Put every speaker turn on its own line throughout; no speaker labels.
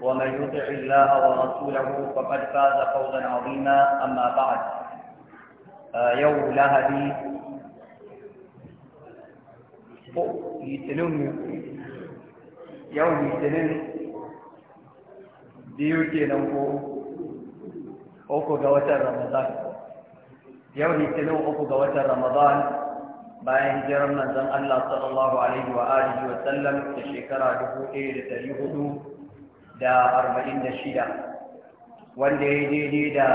ومن يطع الله ورسوله فقد فاز فوزا عظيما أما بعد آه، يوم لهدي يتنم يوم يتنم ديوتي نوكو أوكو جواتر رمضان يوم يتنم أوكو جواتر رمضان bayan hijirar manzon Allah sallallahu alaihi wa alihi wa sallam da shekara 1400 da arba'in da shida wanda ya daidai da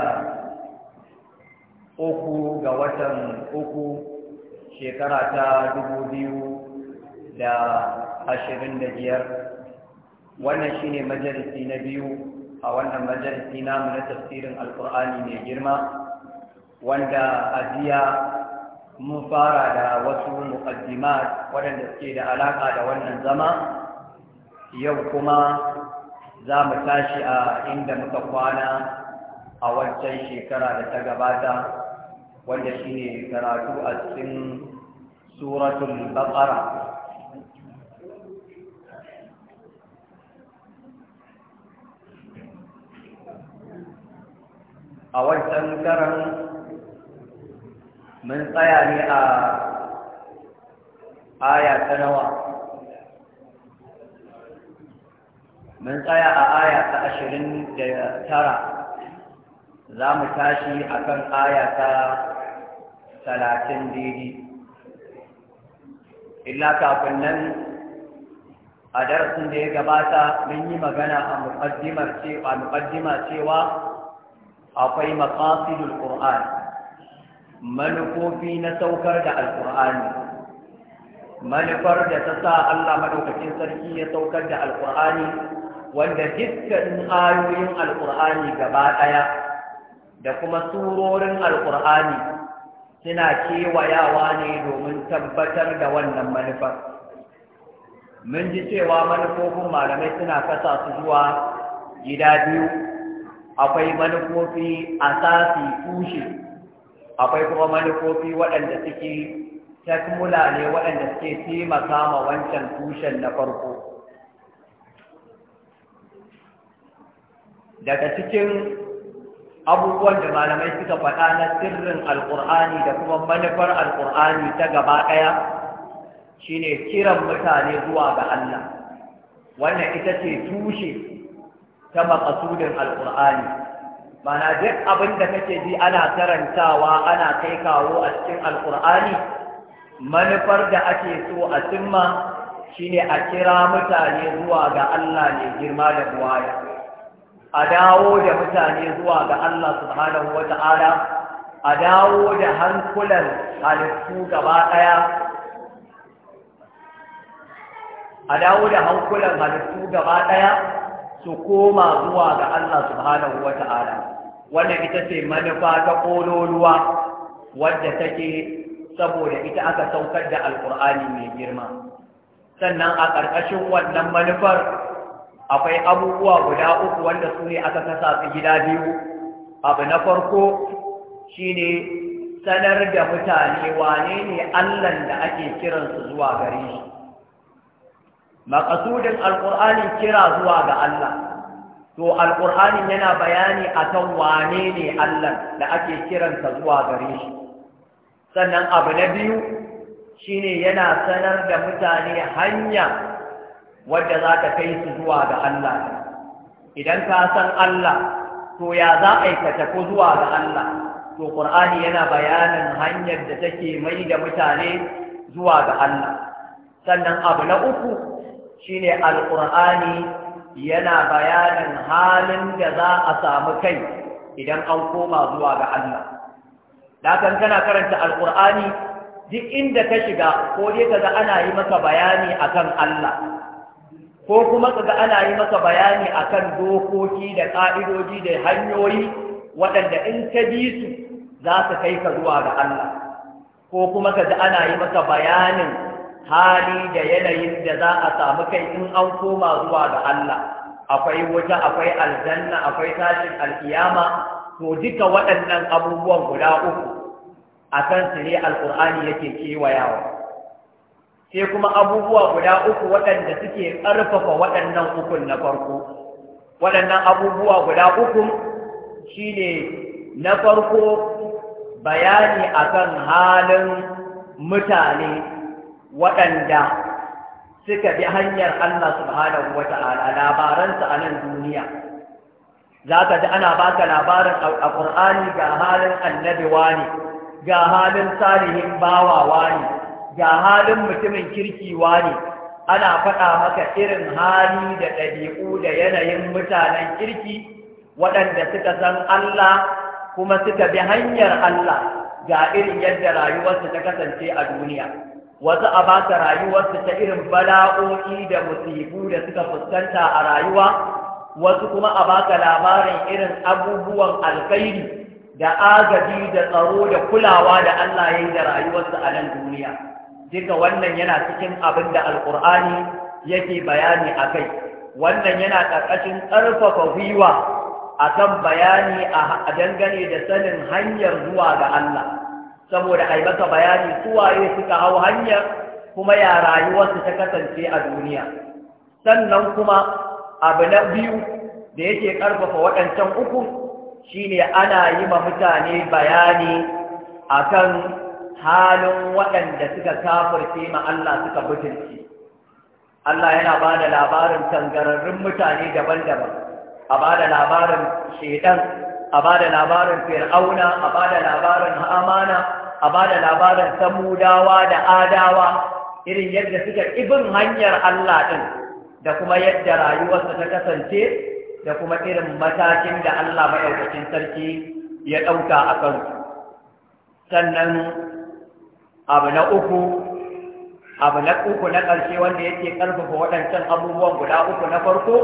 uku ga watan uku shekara ta dubu biyu da ashirin da biyar wannan shine majalisi na biyu a wannan majalisi namu na tafsirin alkur'ani mai girma wanda a jiya mun fara da wasu muqaddimat waɗanda suke da alaƙa da wannan zama
yau kuma
za mu tashi a inda muka kwana a wancan shekara da ta gabata wanda shine karatu a cikin suratun baqara a wancan karan mun tsaya ne a aya ta nawa Mun tsaya a aya ta ashirin da tara za mu tashi a kan aya ta talatin daidai illa kafin nan a darasin da ya gabata mun yi magana a muƙaddima cewa akwai maqasidul qur'an manufofi na saukar da alqur'ani manufar da ta sa Allah maɗaukacin sarki ya saukar da alqur'ani wanda dukkanin ayoyin alƙur'ani gaba ɗaya da kuma surorin alƙur'ani suna kewayawa ne domin tabbatar da wannan manufar mun ji cewa manufofin malamai suna fasa su zuwa gida biyu akwai manufofi asasi tushe akwai kuma manufofi waɗanda suke takmula ne waɗanda suke taimaka ma wancan tushen na farko daga cikin abubuwan da malamai suka faɗa na sirrin alƙur'ani da kuma manufar alƙur'ani ta gaba ɗaya shine kiran mutane zuwa ga Allah wannan ita ce tushe ta maƙasudin alƙur'ani mana duk abin da kake ji ana karantawa ana kai kawo a cikin alƙur'ani manufar da ake so a cimma shine a kira mutane zuwa ga Allah ne girma da buwaya a dawo da mutane zuwa ga Allah subhanahu wa ta'ala a dawo da hankulan halittu gaba ɗaya a dawo da hankulan halittu gaba ɗaya su koma zuwa ga Allah subhanahu wa ta'ala ita ce manufa ta ƙololuwa wadda take saboda ita aka saukar da alƙur'ani mai girma sannan a ƙarƙashin wannan manufar akwai abubuwa guda uku wanda su ne aka kasa su gida biyu abu na farko shine sanar da mutane wane ne allan da ake kiransu zuwa gare shi maƙasudin alƙur'ani kira zuwa ga allah to alƙur'ani yana bayani akan wane ne allan da ake kiransa zuwa gare shi sannan abu na biyu shine yana sanar da mutane hanya wadda za ta kai su zuwa ga Allah idan ka san Allah to ya za a aikata ko zuwa ga Allah to Qur'ani yana bayanin hanyar da take mai da mutane zuwa ga Allah sannan abu na uku shine Al-Qur'ani yana bayanin halin da za a samu kai idan an koma zuwa ga Allah lakan kana karanta Al-Qur'ani duk inda ka shiga ko dai kaga ana yi maka bayani akan Allah ko kuma kaga ana yi maka bayani akan dokoki da ƙa'idoji da hanyoyi waɗanda in ka bi su za su kai ka zuwa ga Allah ko kuma kaga ana yi maka bayanin hali da yanayin da za a samu kai in an koma zuwa ga Allah akwai wuta akwai aljanna akwai tashin alkiyama to duka waɗannan abubuwan guda uku akan su ne alƙur'ani yake kewayawa sai kuma abubuwa guda uku waɗanda suke ƙarfafa waɗannan ukun na farko waɗannan abubuwa guda uku shine na farko bayani akan halin mutane waɗanda suka bi hanyar Allah subhanahu wa labaransa a nan duniya za ka ji ana baka labarin a ƙur'ani ga halin annabi wani ga halin salihin bawawa ne ga halin mutumin kirkiwa ne ana faɗa maka irin hali da ɗabi'u da yanayin mutanen kirki waɗanda suka san Allah kuma suka bi hanyar Allah ga irin yadda rayuwarsu ta kasance a duniya wasu a ba ta rayuwarsu ta irin bala'o'i da musibu da suka fuskanta a rayuwa wasu kuma a baka labarin irin abubuwan alkhairi da agaji da tsaro da kulawa da Allah ya yi da rayuwarsu a nan duniya duka wannan yana cikin abin da alƙur'ani yake bayani a kai wannan yana ƙarƙashin ƙarfafa gwiwa a kan bayani a dangane da sanin hanyar zuwa ga Allah saboda a maka bayani suwaye suka hau hanyar kuma ya rayuwarsu ta kasance a duniya sannan kuma abu na biyu da yake ƙarfafa waɗancan uku shine ana yi ma mutane bayani akan halin waɗanda suka kafurce ma Allah suka butulci Allah yana ba da labarin tangararrun mutane daban-daban a ba da labarin shedan a ba da labarin fir'auna a ba da labarin amana, a ba da labarin samudawa da adawa irin yadda suka ibin hanyar Allah ɗin da kuma yadda rayuwarsa ta kasance da kuma irin matakin da Allah maɗaukacin sarki ya ɗauka a kansu sannan abu na uku abu na uku na ƙarshe wanda yake ƙarfafa waɗancan abubuwan guda uku na farko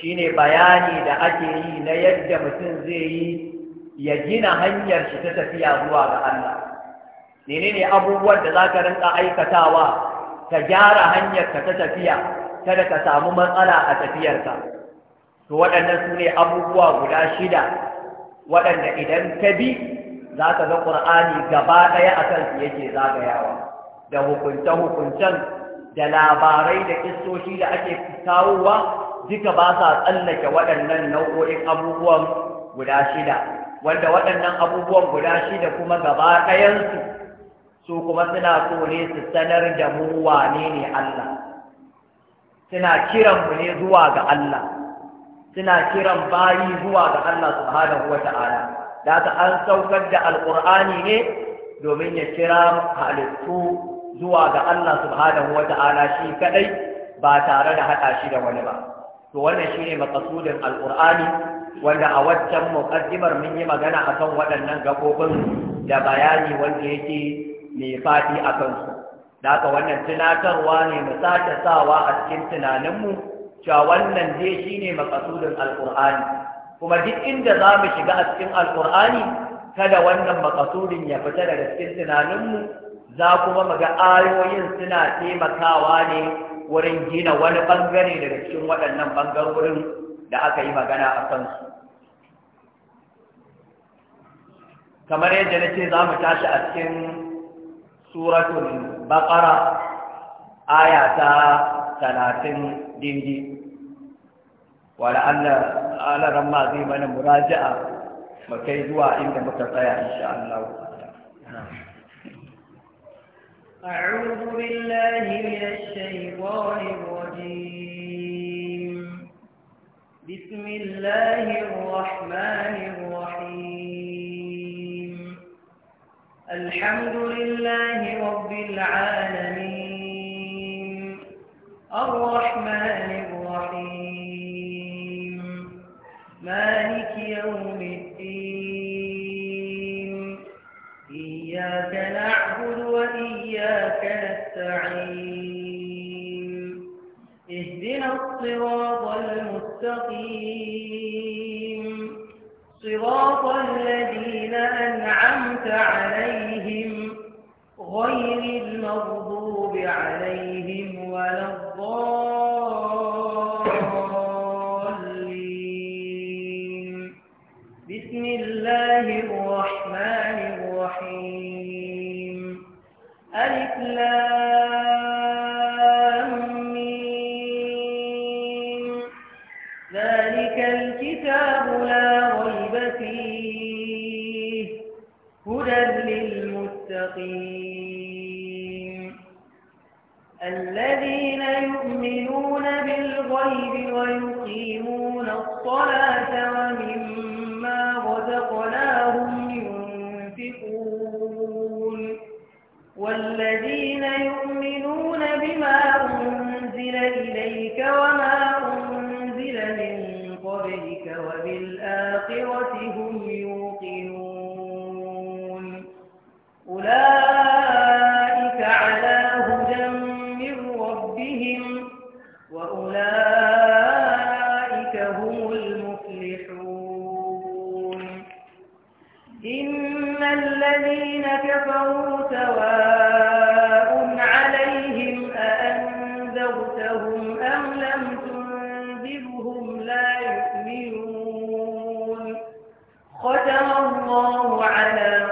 shine bayani da ake yi na yadda mutum zai yi ya gina hanyar shi ta tafiya zuwa ga Allah menene abubuwan da zaka rinka aikatawa ka gyara hanyar ka ta tafiya kada ka samu matsala a tafiyarka to waɗannan su ne abubuwa guda shida waɗanda idan ka bi za ka ga ƙur'ani gaba ɗaya a kan yake zagayawa da hukunce-hukuncen da labarai da kistoshi da ake kawowa duka ba sa tsallake waɗannan nau'o'in abubuwan guda shida wanda waɗannan abubuwan guda shida kuma gaba ɗayansu su kuma suna so ne su sanar da mu wane ne Allah suna kiran mu ne zuwa ga Allah suna kiran bayi zuwa ga Allah subhanahu wa ta'ala da an saukar da alƙur'ani ne domin ya kira halittu zuwa ga Allah subhanahu wa ta'ala shi kadai ba tare da haɗa shi da wani ba to wannan ne makasudin alƙur'ani wanda a waccan muqaddimar mun yi magana akan waɗannan gabobin da bayani wanda yake mai fadi a kansu, da haka wannan tunatarwa ne mu sake sawa a cikin tunaninmu cewa wannan dai shine makasudin alƙur'ani kuma duk inda za mu shiga a cikin alkur'ani kada wannan makasudin ya fita daga cikin tunaninmu za kuma mu ga ayoyin suna taimakawa ne wurin gina wani bangare daga cikin waɗannan bangarorin da aka yi magana a kansu kamar yadda na ce za mu tashi a cikin suratun baƙara aya ta talatin Dindi. ولعل على رمادي من mana muraja'a mu kai إن inda الله
أعوذ بالله من الشيطان الرجيم بسم الله الرحمن إن الذين كفروا سواء عليهم أأنذرتهم أم لم تنذرهم لا يؤمنون ختم الله على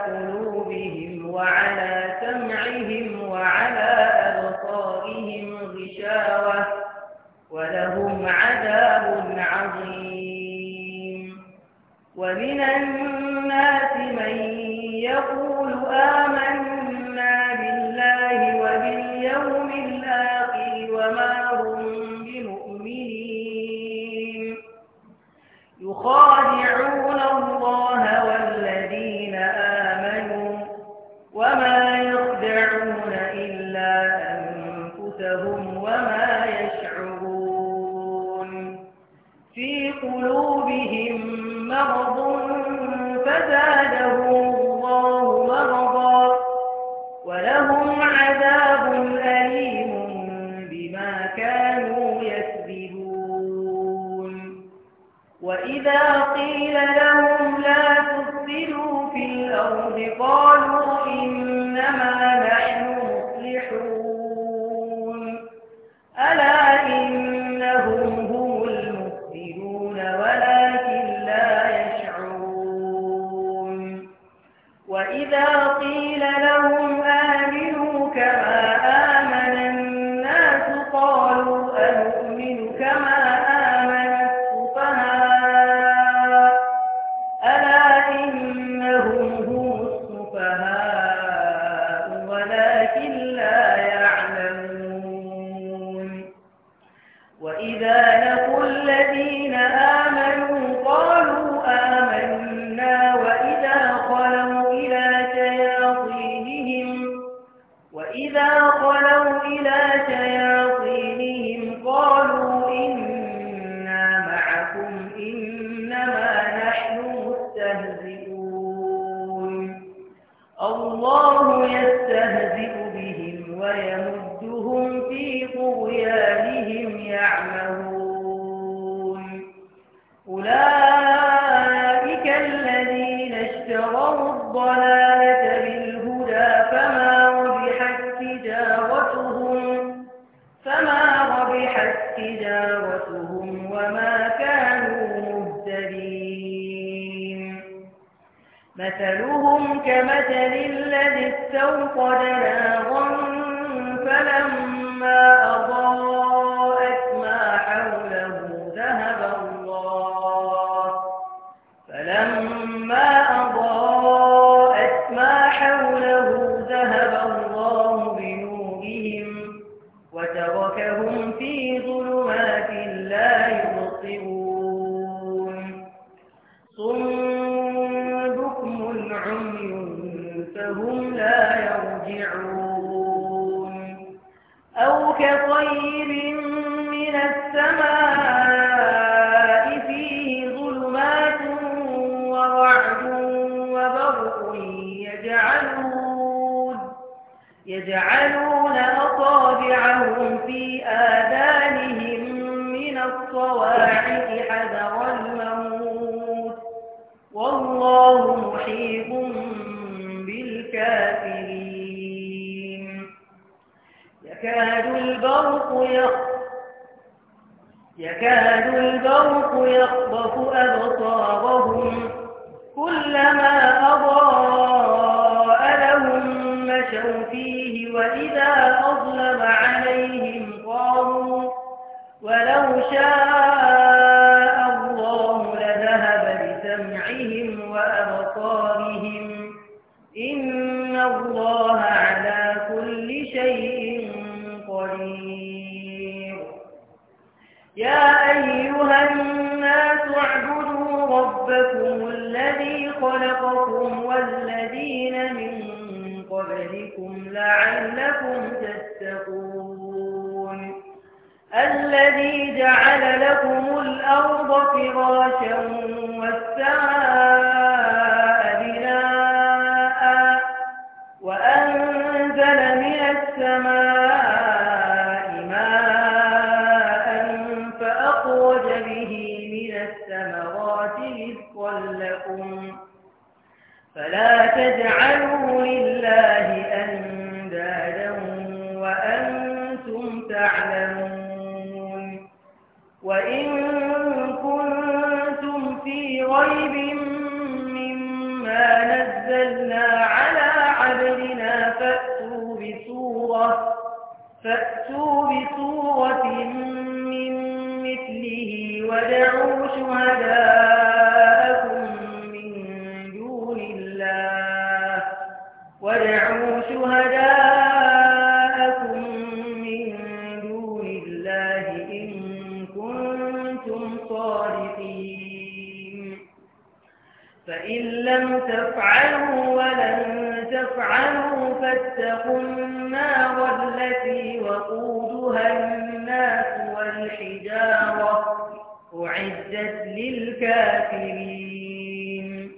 أعدت للكافرين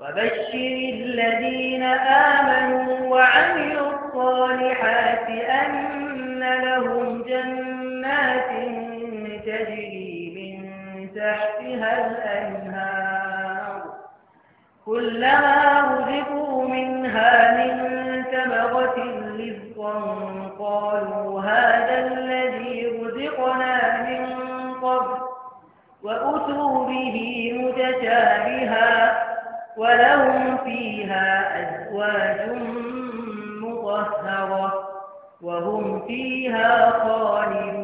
وبشر الذين آمنوا وعملوا الصالحات أن لهم جنات تجري من تحتها الأنهار كلما رزقوا منها من ثمرة رزقا قالوا هذا به متشابها ولهم فيها أزواج مطهرة وهم فيها خالدون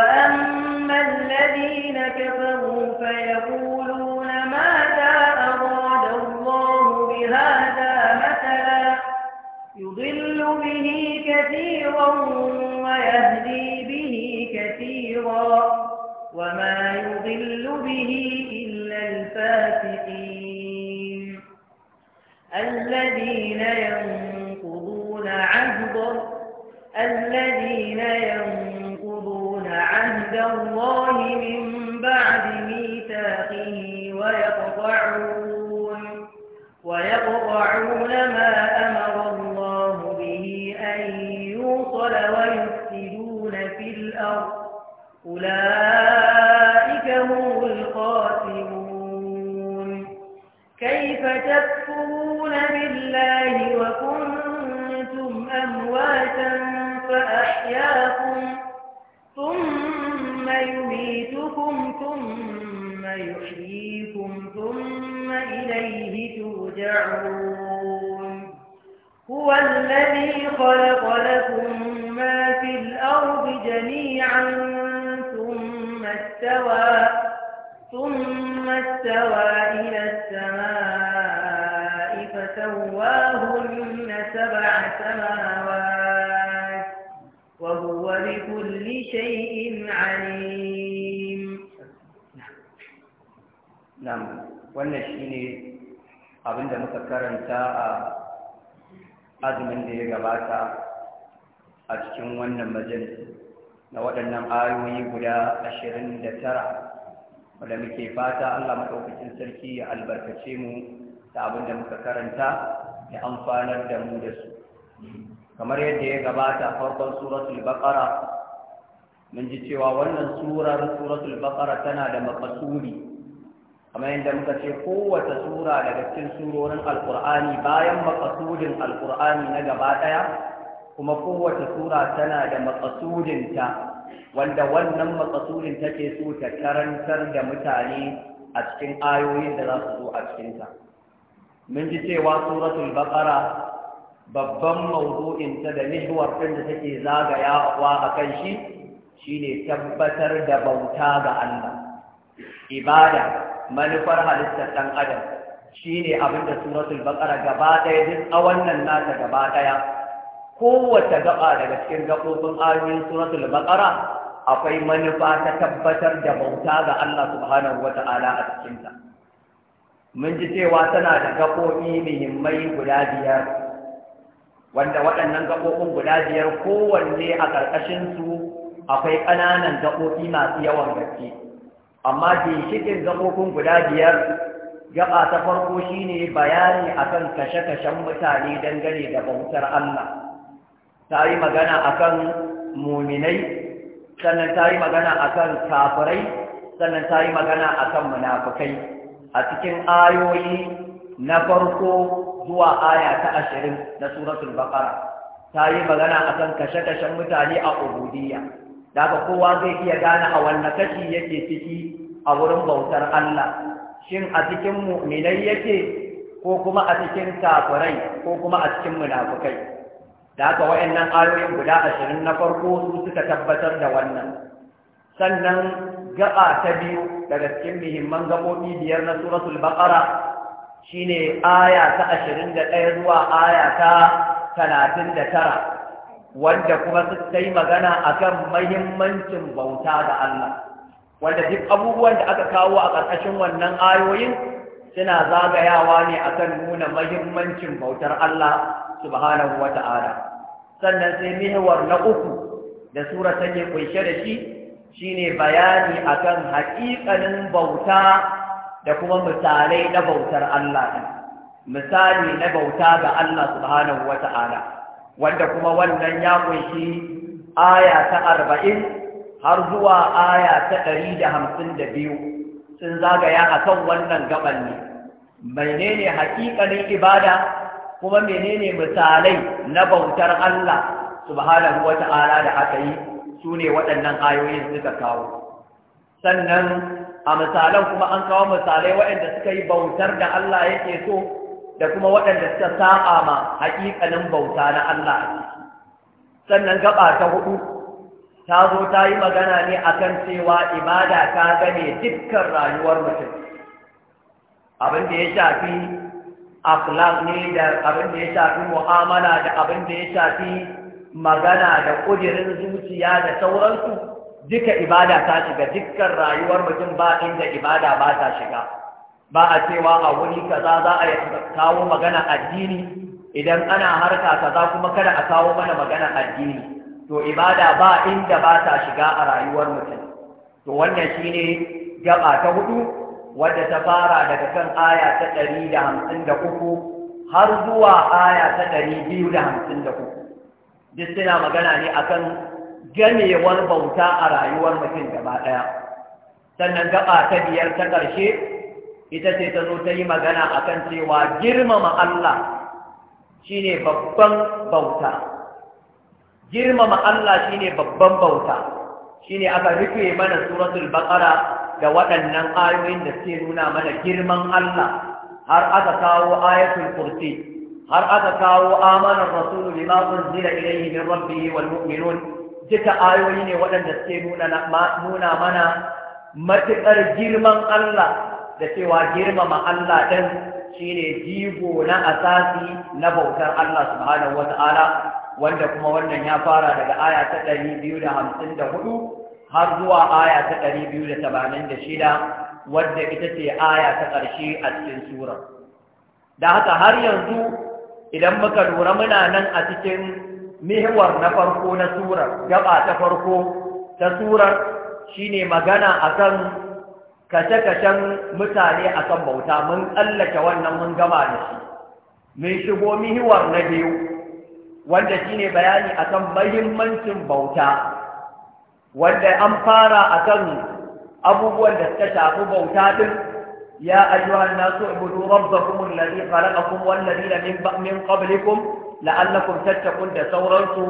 وأما الذين كفروا فيقولون ماذا أراد الله بهذا مثلا يضل به كثيرا ويهدي به كثيرا وما يضل به إلا الفاسقين الذين ينقضون عهد الذين ينقضون عهد الله من بعد ميثاقه ويقطعون ويقطعون ما أمر الله به أن يوصل ويفسدون في الأرض أولئك ترجعون هو الذي خلق لكم ما في الأرض جميعا ثم استوى ثم استوى
abinda muka karanta a azumin da ya gabata a cikin wannan majalisi na waɗannan ayoyi guda ashirin da tara wadda muke fata Allah maɗaukacin sarki ya albarkace mu da abin da muka karanta ya amfanar da mu da su kamar yadda ya gabata farkon suratul baqara mun ji cewa wannan surar suratul baqara tana da makasuri kamar yadda muka ce kowace sura daga cikin surorin alkur'ani bayan makasudin alkur'ani na gaba ɗaya kuma kowace sura tana da makasudinta wanda wannan makasudin take so ta karantar da mutane a cikin ayoyin da za su zo a cikinta mun ji cewa suratul baqara babban mawdu'in ta da mihwar ɗin da take zagayawa a kan shi shine tabbatar da bauta ga Allah ibada manufar halittar ɗan adam shine abin da suratul baƙara gaba ɗaya duk a wannan nata gaba ɗaya kowace gaba daga cikin gaɓoɓin ayoyin suratul baƙara akwai manufa ta tabbatar da bauta ga Allah subhanahu wata'ala a cikinta mun ji cewa tana da gaɓoɓi muhimmai guda biyar wanda waɗannan gaɓoɓin guda biyar kowanne a ƙarƙashinsu akwai ƙananan gaɓoɓi masu yawan gaske amma ginshikin gaɓoɓin guda biyar gaba ta farko shine bayani akan kashe-kashen mutane dangane da bautar Allah ta yi magana akan muminai sannan ta yi magana akan kafirai sannan ta yi magana akan munafukai a cikin ayoyi na farko zuwa aya ta ashirin na suratul baqara ta yi magana akan kashe-kashen mutane a ubudiyya da haka kowa zai iya gane a wanne kashi yake ciki a wurin bautar Allah shin a cikin mu'minai yake ko kuma a cikin kafirai ko kuma a cikin munafukai da haka wayannan ayoyin guda ashirin na farko su suka tabbatar da wannan sannan ga'a ta biyu daga cikin muhimman gabobi biyar na suratul baqara shine aya ta ashirin zuwa aya ta talatin da tara wanda kuma suka yi magana akan mahimmancin bauta ga Allah wanda duk abubuwan da aka kawo a ƙarƙashin wannan ayoyin suna zagayawa ne akan nuna mahimmancin bautar Allah subhanahu wata'ala sannan sai mihwar na uku da sura ke kunshe da shi shine bayani akan haƙiƙanin bauta da kuma misalai na bautar Allah misali na bauta ga Allah subhanahu wata'ala wanda kuma wannan ya kunshi aya ta arba'in har zuwa aya ta ɗari da hamsin da biyu sun zagaya a kan wannan gaban ne menene haƙiƙanin ibada kuma menene misalai na bautar Allah subhanahu wa ta'ala da aka yi su ne waɗannan ayoyin suka kawo sannan a misalan kuma an kawo misalai waɗanda suka yi bautar da Allah yake so da kuma waɗanda suka saba ma haƙiƙanin bauta na Allah sannan gaba ta hudu ta zo ta yi magana ne kan cewa ibada ta gane dukkan rayuwar mutum abin da ya shafi akhlaq ne da abin da ya shafi mu'amala da abin da ya shafi magana da ƙudirin zuciya da sauransu duka ibada ta shiga dukkan rayuwar mutum ba inda ibada ba ta shiga ba a cewa a wuri kaza za a kawo magana addini idan ana harka kaza kuma kada a kawo mana magana addini to ibada ba inda ba ta shiga a rayuwar mutum to wannan shine gaba ta hudu wadda ta fara daga kan aya ta ɗari har zuwa aya ta ɗari duk suna magana ne akan ganewar bauta a rayuwar mutum gaba ɗaya sannan gaba ta biyar ta ƙarshe ita ce ta zo ta yi magana a kan cewa girmama Allah shi ne babban bauta girmama Allah shi ne babban bauta Shi ne aka rufe mana suratul baƙara da waɗannan ayoyin da suke nuna mana girman Allah har aka kawo ayatul kursi har aka kawo amanar rasulu lima unzila ilayhi min rabbihi wal mu'minun duka ayoyi ne waɗanda suke nuna mana matuƙar girman Allah da cewa girmama Allah ɗin ne jigo na asasi na bautar Allah subhanahu ta'ala, wanda kuma wannan ya fara daga aya ta ɗari biyu da hamsin da hudu har zuwa aya ta ɗari biyu da da shida wadda ita ce aya ta ƙarshe a cikin surar da haka har yanzu idan muka lura muna nan a cikin mihwar na farko na surar gaba ta farko ta surar shine magana akan kace-kacen mutane akan bauta mun tsallake wannan mun gama da shi mun shigo mihiwar na biyu wanda shine bayani akan mahimmancin bauta wanda an fara akan abubuwan da suka shafi bauta din يا na الناس اعبدوا ربكم الذي خلقكم والذين من من قبلكم لعلكم تتقون da sauransu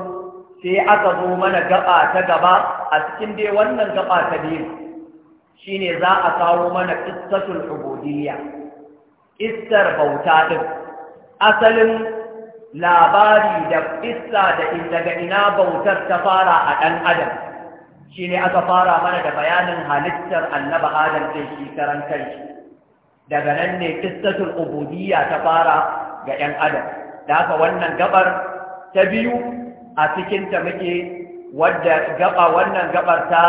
sai aka zo mana gaba ta gaba a cikin dai wannan gaba ta biyu shine za a kawo mana qissatul ubudiyya istar bauta din asalin labari da qissa da daga ina bautar ta fara a dan adam shine aka fara mana da bayanin halittar annabi adam din shi karan kanshi daga nan ne qissatul ubudiyya ta fara ga yan adam da haka wannan gabar ta biyu a cikin ta muke wadda gaba wannan gabar ta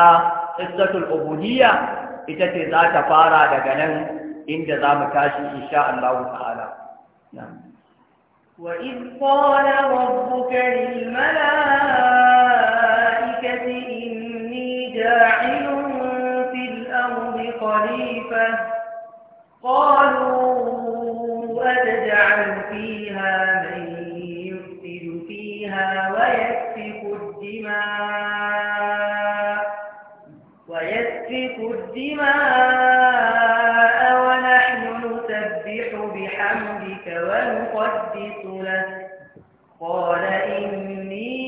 qissatul ubudiyya ita ce za ta fara daga nan inda za mu tashi insha Allah ta'ala
وإذ قال ربك للملائكة إني جاعل في الأرض خليفة قالوا أتجعل فيها من يفسد فيها ويسفك الدماء نسفك الدماء ونحن نسبح بحمدك ونقدس لك قال إني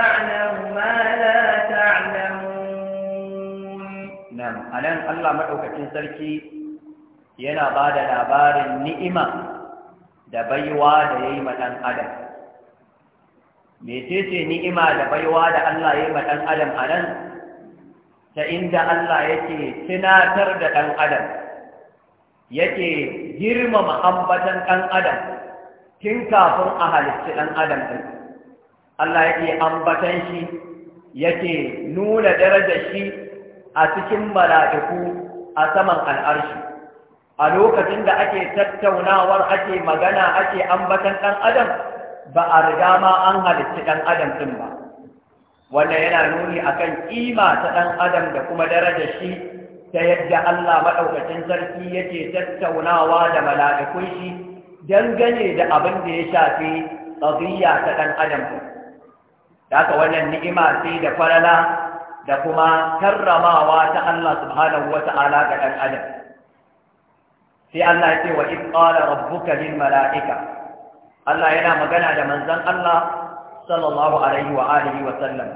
أعلم ما لا
تعلمون نعم ألان الله معك تنسلك ينا بعد نعبار النئمة da baiwa da yayi madan adam me yace ni'ima da baiwa da ta inda Allah yake tunatar da ɗan adam yake girmama ambatan ɗan adam tun kafin a halitta ɗan adam ɗin Allah yake ambatan shi yake nuna darajar shi a cikin mala'iku a saman al'arshi a lokacin da ake tattaunawar ake magana ake ambatan ɗan adam ba a riga ma an halitta ɗan adam ɗin ba wannan yana nuni akan kima ta ɗan adam da kuma darajar shi ta yadda Allah maɗaukacin sarki yake tattaunawa da mala'ikun shi dangane da abin da ya shafi qadiyya ta ɗan adam haka wannan ni'ima ce da farala da kuma karramawa ta Allah subhanahu Ta'ala ga ɗan adam sai Allah ya ce wa idh qala mala'ika Allah yana magana da manzon Allah Waɗannan Salam hawa a rayuwa aliyuwa sallam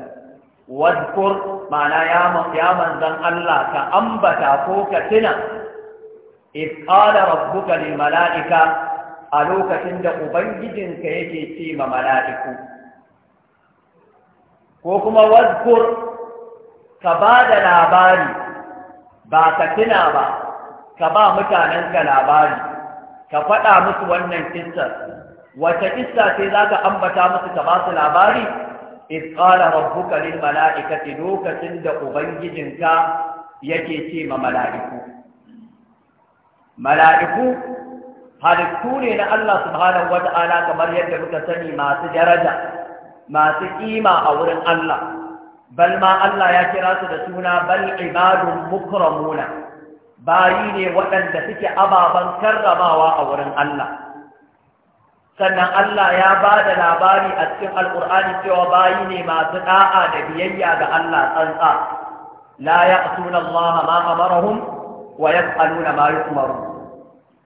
wadkur ma'ana yamanzan Allah ka ambata ko ka tina if alama buga ne malaɗika a lokacin da ubangijinka yake cewa malaɗiku. Ko kuma wadkur ka ba da labari ba ka tuna ba, ka ba mutanen ga labari ka faɗa musu wannan kitson. wata kissa ce za ka ambata musu ta ba su labari إذ قال ربك da لوكة لأبنجدك yake ce ma mala'iku. Mala'iku halittu ne na Allah subhanahu wata'ala kamar yadda muka sani masu daraja, masu ƙima a wurin Allah, bal ma Allah ya kira su da suna bal ibadun mukramuna, bayi ne waɗanda suke ababen karramawa a wurin Allah. sannan Allah ya ba da labari a cikin alƙur'ani cewa bayi ne masu ɗa'a da biyayya ga Allah tsantsa la ya'tuna Allah ma amarahum wa yaf'aluna ma yu'marun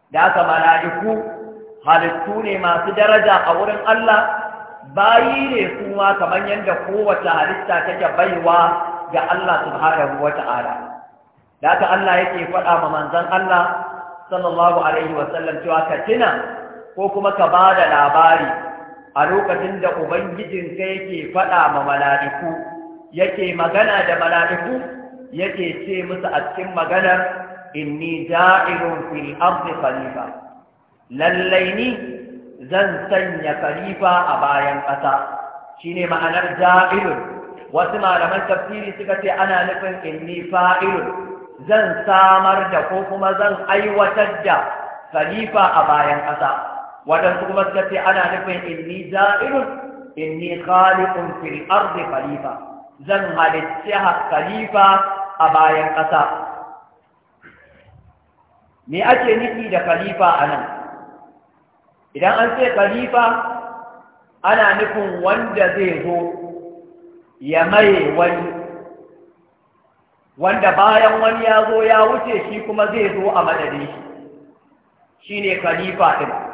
da haka mala'iku halittu ne masu daraja a wurin Allah bayi ne kuma kamar yadda kowace halitta take baiwa ga Allah subhanahu wa ta'ala da haka Allah yake faɗa ma manzon Allah sallallahu alaihi wa sallam cewa ka tuna ko kuma ka ba da labari a lokacin da ubangijin ubangijinka yake faɗa ma mala'iku yake magana da mala'iku yake ce musu a cikin maganar inni ja'irun fil abu khalifa lallai ni zan sanya khalifa a bayan ƙasa Shi ne ma'anar ja'irun wasu malaman tafsiri suka ce ana nufin inni fa'ilun zan samar da ko kuma zan aiwatar da khalifa a bayan ƙasa waɗansu kuma suka ce ana nufin inni za'irun inni khaliqun fil ardi khalifa zan ha khalifa a bayan ƙasa me ake nufi da khalifa a nan idan an ce khalifa ana nufin wanda zai zo ya maye wani wanda bayan wani ya zo ya wuce shi kuma zai zo a madadin shi shi ne khalifa ɗin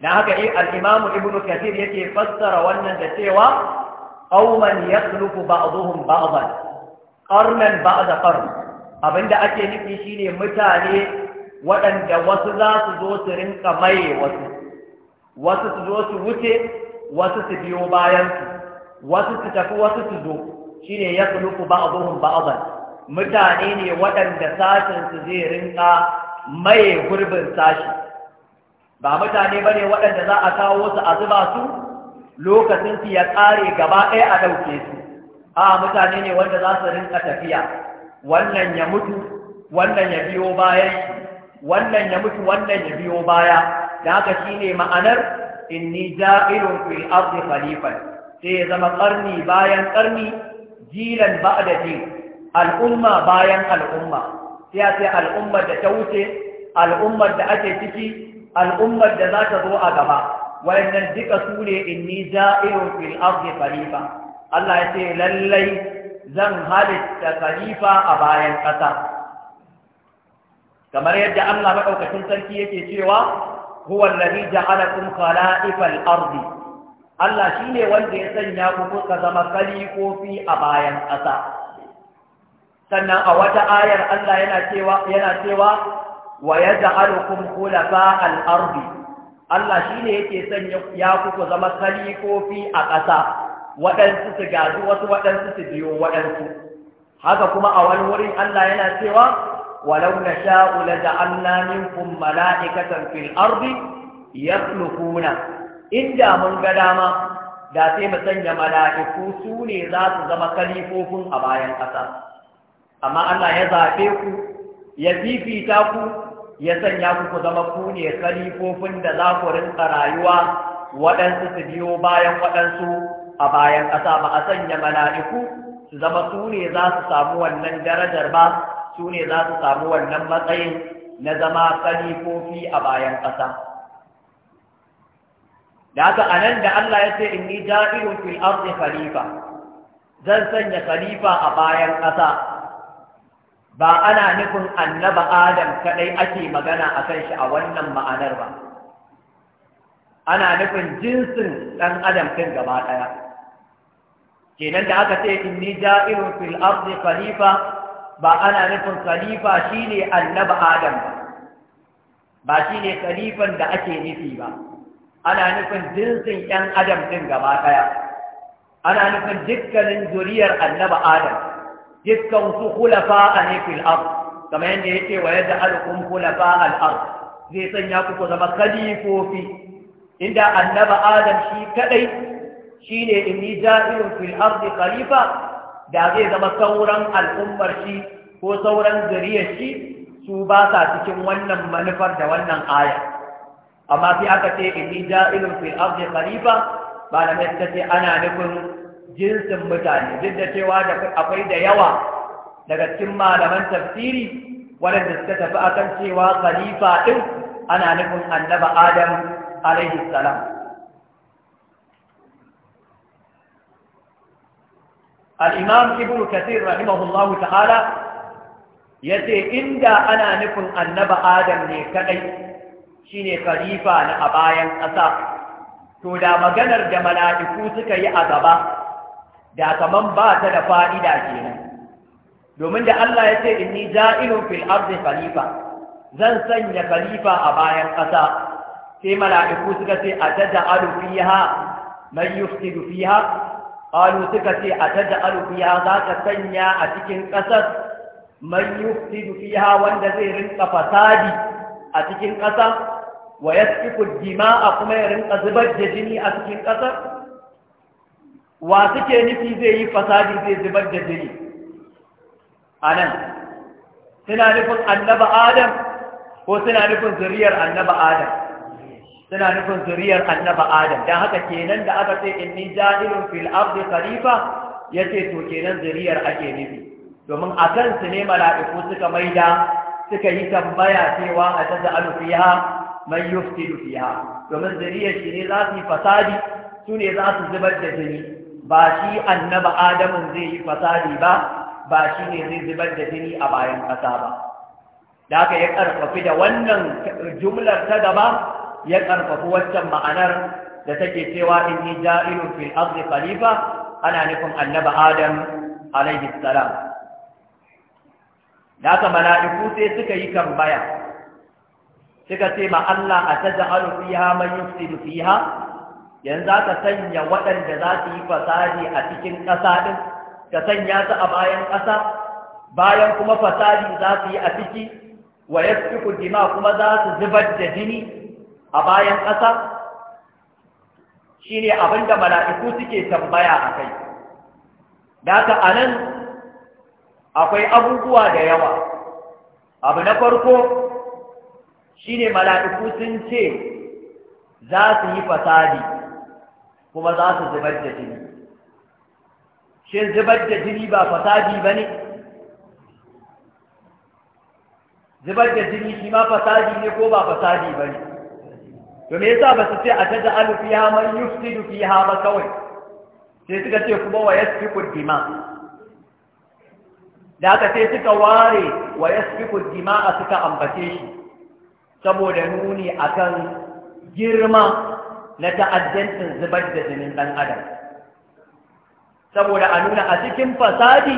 na haka yi al'imamu ibn kathir yake fassara wannan da cewa auman ya tsulufu ba'aduhun ba'adan ƙarnan ba'ada ƙarn abinda ake nufi shine mutane waɗanda wasu za su zo su rinka maye wasu wasu su zo su wuce wasu su biyo bayansu wasu su tafi wasu su zo shine ya tsulufu ba'aduhun ba'adan mutane ne waɗanda sashinsu zai rinka maye gurbin sashi ba mutane ba ne waɗanda za a kawo su a zuba su lokacin su ya ƙare gaba ɗaya a ɗauke su a mutane ne wanda za su rinka tafiya wannan ya mutu wannan ya biyo bayan wannan ya mutu wannan ya biyo baya da haka ne ma'anar inni ja'ilun fil ardi khalifan sai ya zama ƙarni bayan ƙarni jilan ba'da ji. al'umma bayan al'umma sai ce al'ummar da ta wuce al'ummar da ake ciki al'ummar da za ta zo a gaba wayannan duka su ne inni za'irun fil ardi khalifa Allah ya ce lallai zan halitta khalifa a bayan ƙasa kamar yadda Allah maɗaukacin sarki yake cewa huwa alladhi ja'alakum khala'ifal ardi Allah shine wanda ya sanya ku kuka zama khalifofi a bayan ƙasa sannan a wata ayar Allah yana cewa yana cewa wa yaj'alukum khulafa al-ard Allah shine yake sanya ya kuku zama kalifofi a ƙasa waɗansu su gazu wasu waɗansu su biyo waɗansu haka kuma a wani wurin Allah yana cewa walau nasha'u laja'alna minkum mala'ikatan fil ardi yakhluquna inda mun ga dama da sai mu sanya mala'iku su ne za su zama kalifofin a bayan ƙasa amma Allah ya zaɓe ku ya fifita ku ya sanya ku ku zama ku ne kalifofin da za ku rinka rayuwa waɗansu su biyo bayan waɗansu a bayan ƙasa ba a sanya mala'iku su zama su ne za su samu wannan darajar ba su ne za su samu wannan matsayin na zama kalifofi a bayan ƙasa da haka a nan da Allah ya ce ni jairu fil ardi khalifa zan sanya khalifa a bayan ƙasa ba ana nufin annaba adam kadai ake magana akan shi a wannan ma'anar ba ana nufin jinsin ɗan adam ɗin gaba ɗaya kenan da aka ce inni ja'irun fil ardi khalifa ba ana nufin khalifa shine annaba adam ba ba shine khalifan da ake nufi ba ana nufin jinsin ɗan adam ɗin gaba ɗaya ana nufin dukkanin zuriyar annaba adam dukkan su kulafa ne fil ard kamar yadda yake wa yadda alkum kulafa al zai sanya ku ku zama khalifofi inda annaba adam shi kadai shine inni ja'ilun fil ard khalifa da zai zama sauran al'ummar shi ko sauran zuriyar shi su ba sa cikin wannan manufar da wannan aya amma sai aka ce inni ja'ilun fil ardi khalifa malamai suka ce ana nufin jinsin mutane duk da cewa da akwai da yawa daga cikin malaman tafsiri waɗanda suka tafi akan cewa khalifa ɗin ana nufin annaba adam alaihi salam al'imam ibn kasir rahimahullahu ta'ala ya ce inda ana nufin annaba adam ne kaɗai shine khalifa na a bayan ƙasa to da maganar da mala'iku suka yi a gaba da kaman ba ta da fa'ida kenan domin da Allah ya ce inni ja'ilun fil ardi khalifa zan sanya khalifa a bayan ƙasa sai mala'iku suka ce a taja'alu fiha man yufsidu fiha qalu suka ce a taja'alu fiha za ka sanya a cikin ƙasar man yufsidu fiha wanda zai rinka fasadi a cikin ƙasa wa yasfiku dima'a kuma ya rinka zubar da jini a cikin ƙasar wa suke nufi zai yi fasadi zai zubar da jini a nan suna nufin annaba adam ko suna nufin zuriyar annaba adam suna nufin zuriyar annaba adam don haka kenan da aka ce inni ja'ilun fil ardi khalifa yace to kenan zuriyar ake nufi domin a kan su ne mala'iku suka maida suka yi tambaya cewa a ta za'alu fiha man yuftidu fiha domin zuriyar shi ne za su yi fasadi su ne za su zubar da jini ba shi annaba adamun zai yi fasari ba ba shi ne zai zubar da jini a bayan ƙasa ba da aka ya ƙarfafi da wannan jumlar ta gaba ya ƙarfafi waccan ma'anar da take cewa in yi ja'irun fil khalifa ana nufin annaba adam alaihi salam da aka mala'iku sai suka yi tambaya suka ce ma Allah a taja'alu fiha man yufsidu fiha yanzu aka sanya waɗanda za su yi fasadi a cikin ƙasa ɗin ka sanya su a bayan ƙasa bayan kuma fasadi za su yi a ciki wa ya dima kuma za su zubar da jini a bayan ƙasa ne abin da mala'iku suke tambaya a kai daga a nan akwai abubuwa da yawa abu na farko shi ne mala'iku sun ce za su yi fasadi kuma za su zubar da jini shin zubar da jini ba fasadi ba ne zubar da jini shi ma fasadi ne ko ba fasadi ba ne to me yasa ba su ce a ta alufi ha man yufsidu fiha ba kawai sai suka ce kuma wa yasfiku dima da aka sai suka ware wa yasfiku dima suka ambace shi saboda nuni akan girma na ta'addancin zubar da jinin ɗan adam saboda a nuna a cikin fasadi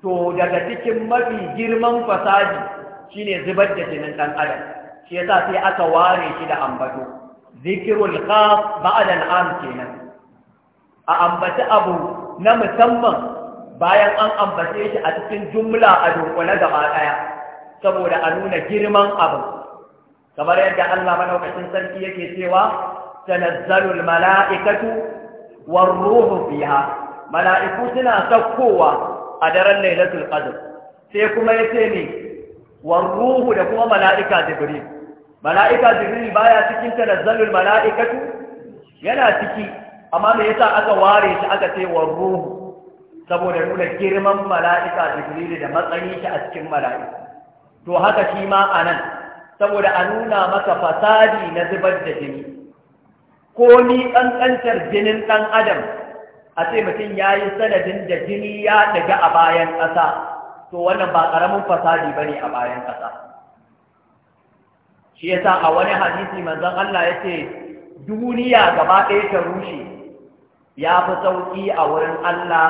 to daga cikin mafi girman fasadi shine zubar da jinin ɗan adam shi yasa sai aka ware shi da ambato zikirul khas ba'da al'am kenan a ambaci abu na musamman bayan an ambace shi a cikin jumla a na gaba ɗaya saboda a nuna girman abu kamar yadda Allah madaukakin sarki yake cewa tanazzalul mala'ikatu war ruhu mala'iku suna sakkowa a daren lailatul qadr sai kuma yace ne war ruhu da kuma mala'ika jibril mala'ika jibril baya cikin tanazzalul mala'ikatu yana ciki amma me yasa aka ware shi aka ce war ruhu saboda nuna girman mala'ika jibril da matsayin shi a cikin mala'iku to haka shi ma anan saboda a nuna maka fasadi na zubar da jini ko ni ƙanƙantar jinin ɗan adam a ce mutum ya yi sanadin da jini ya daga a bayan ƙasa to wannan ba ƙaramin fasadi ba ne a bayan ƙasa shi yasa a wani hadisi manzon Allah ya ce duniya gaba ɗaya ta rushe ya fi sauƙi a wurin Allah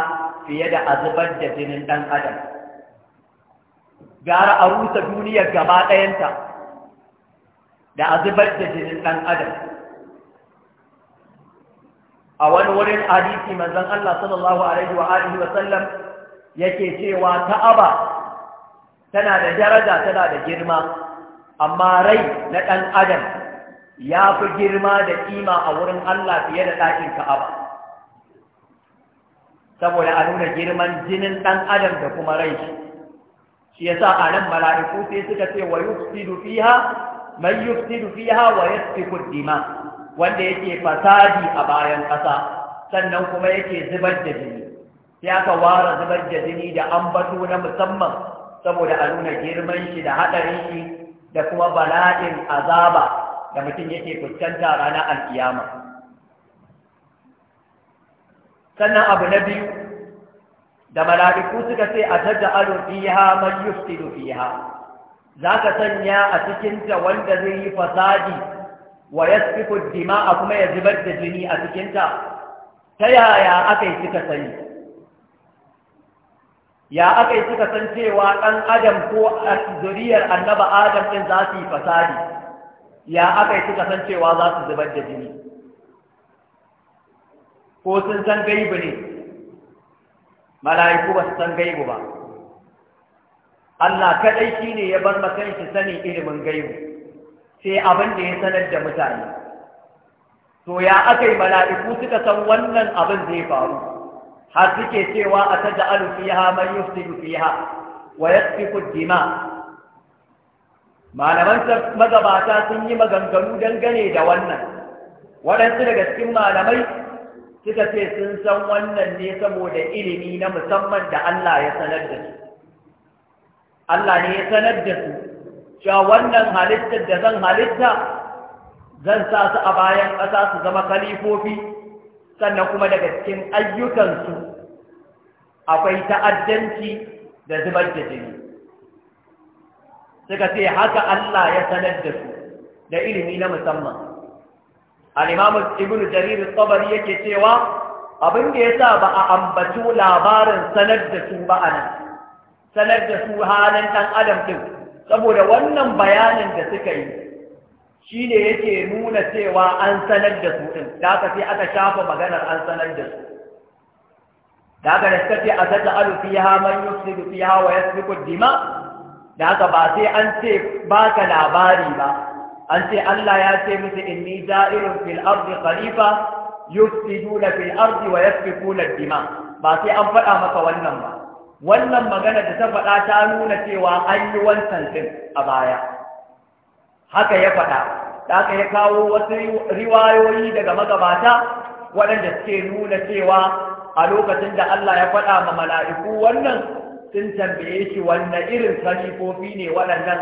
fiye da a zubar da jinin ɗan adam gara a rusa duniya gaba ɗayanta da a zubar da jinin ɗan adam a wani wurin hadisi manzon Allah sallallahu alaihi wa alihi wa sallam yake cewa ta'aba tana da daraja tana da girma amma rai na dan adam ya fi girma da kima a wurin Allah fiye da ɗakin Ka'aba saboda a nuna girman jinin ɗan adam da kuma rai shi shi yasa a nan mala'iku sai suka ce wa yufsidu fiha mai yufsidu fiha wa yasfiku dima wanda yake fasadi a bayan ƙasa sannan kuma yake zubar da jini sai aka ware zubar da jini da ambato na musamman saboda a nuna girman shi da haɗarin shi da kuma bala'in azaba da mutum yake fuskanta ranar alkiyama sannan abu na biyu da mala'iku suka sai a tajja alo fiha man yufsidu fiha za ka sanya a cikinta wanda zai yi fasadi wa yasfiku dima'a kuma ya zubar da jini a cikinta ta yaya aka yi suka sani ya aka yi suka san cewa ɗan adam ko zuriyar annaba adam ɗin za su yi fasadi ya aka yi suka san cewa za su zubar da jini ko sun san gaibu ne mala'iku ba su san gaibu ba Allah kaɗai shi ne ya bar makanshi sanin ilimin gaibu sai abin da ya sanar da mutane to ya aka yi mala'iku suka san wannan abin zai faru har suke cewa a ta ja'alu fiha man yufsidu fiha wa yasfiku dima malaman magabata sun yi maganganu dangane da wannan waɗansu daga cikin malamai suka ce sun san wannan ne saboda ilimi na musamman da Allah ya sanar da su Allah ne ya sanar da su cewa wannan halittar da zan halitta zan sa su a bayan ƙasa su zama kalifofi sannan kuma daga cikin ayyukansu akwai ta'addanci da zubar da jini suka ce haka Allah ya sanar da su da ilimi na musamman al'imamu ibn ibnu jarir tabari yake cewa abin da ya sa ba a ambatu labarin sanar da su ba a nan sanar da su halin ɗan adam ɗin saboda wannan bayanin da suka yi shi ne yake nuna cewa an sanar da su ɗin da aka sai aka shafa maganar an sanar da su da aka da suka ce a zata alufi ya man yusuf fi ya wa yasriku dima da aka ba sai an ce baka labari ba an ce Allah ya ce musu inni da'irun fil ardi khalifa yufsiduna fil ardi wa yasfikuna dima ba sai an faɗa maka wannan ba wannan magana da ta faɗa ta nuna cewa an yi wancan din a baya haka ya faɗa da aka ya kawo wasu riwayoyi daga magabata waɗanda suke nuna cewa a lokacin da Allah ya faɗa ma mala'iku wannan sun tambaye shi wannan irin sanifofi ne waɗannan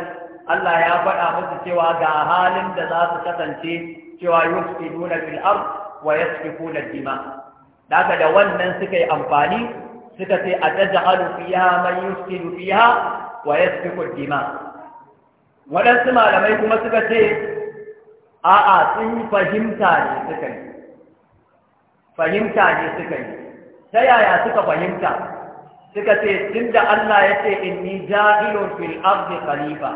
Allah ya faɗa musu cewa ga halin da za su kasance cewa yufsiduna fil ard wa yasfikuna dima daga da wannan suka yi amfani suka ce a mai yi suke yufsidu fiha wa ya suke dima waɗansu malamai kuma suka ce a'a sun fahimta ne suka yi fahimta ne suka yi ta yaya suka fahimta suka ce tun da Allah ya ce in inni ja'ilun fil ardi khalifa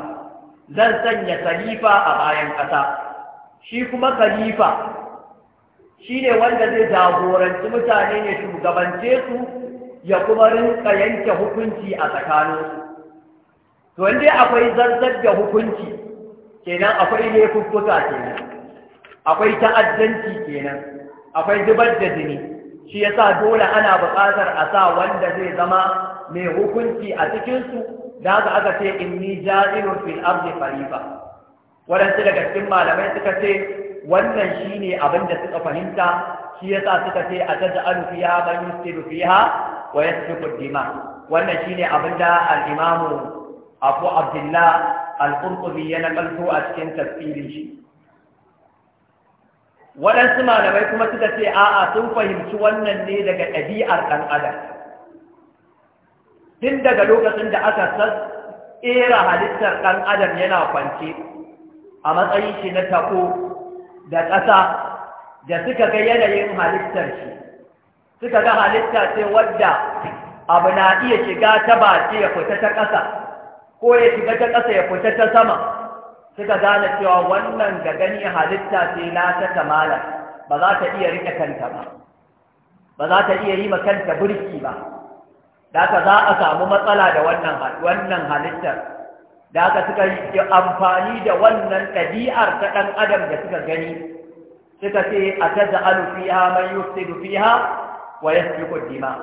zan sanya khalifa a bayan ƙasa shi kuma khalifa shi ne wanda zai jagoranci mutane ne shugabance su ya kuma rinka yanke hukunci a tsakaninsu to inda akwai zarzar da hukunci kenan akwai laifuffuka kenan akwai ta'addanci kenan akwai zubar da jini shi yasa dole ana buƙatar a sa wanda zai zama mai hukunci a cikinsu da haka aka ce inni ja'ilun fil ardi khalifa waɗansu daga cikin malamai suka ce wannan shine abin da suka fahimta shi yasa suka ce a taj'alu fiya ban yusiru fiha wa yasfiku dima wannan shine abin da al-imamu Abu Abdullah al-Qurtubi ya nakalto a cikin tafsirin shi waɗansu malamai kuma suka ce a'a sun fahimci wannan ne daga ɗabi'ar ɗan adam tun daga lokacin da aka era halittar ɗan adam yana kwance a matsayin shi na tako da ƙasa da suka ga yanayin halittar shi suka ga halitta ce wadda abu na iya shiga ta baki ya fita ta ƙasa ko ya shiga ta ƙasa ya fita ta sama suka gane cewa wannan ga gani halitta ce na ta kamala ba za ta iya riƙe kanta ba ba za ta iya yi ma kanta burki ba da ka za a samu matsala da wannan wannan halittar da ka suka yi amfani da wannan ɗabi'ar ta ɗan adam da suka gani suka ce a ta za'alu fiha man yufsidu fiha wa yasbiqu dima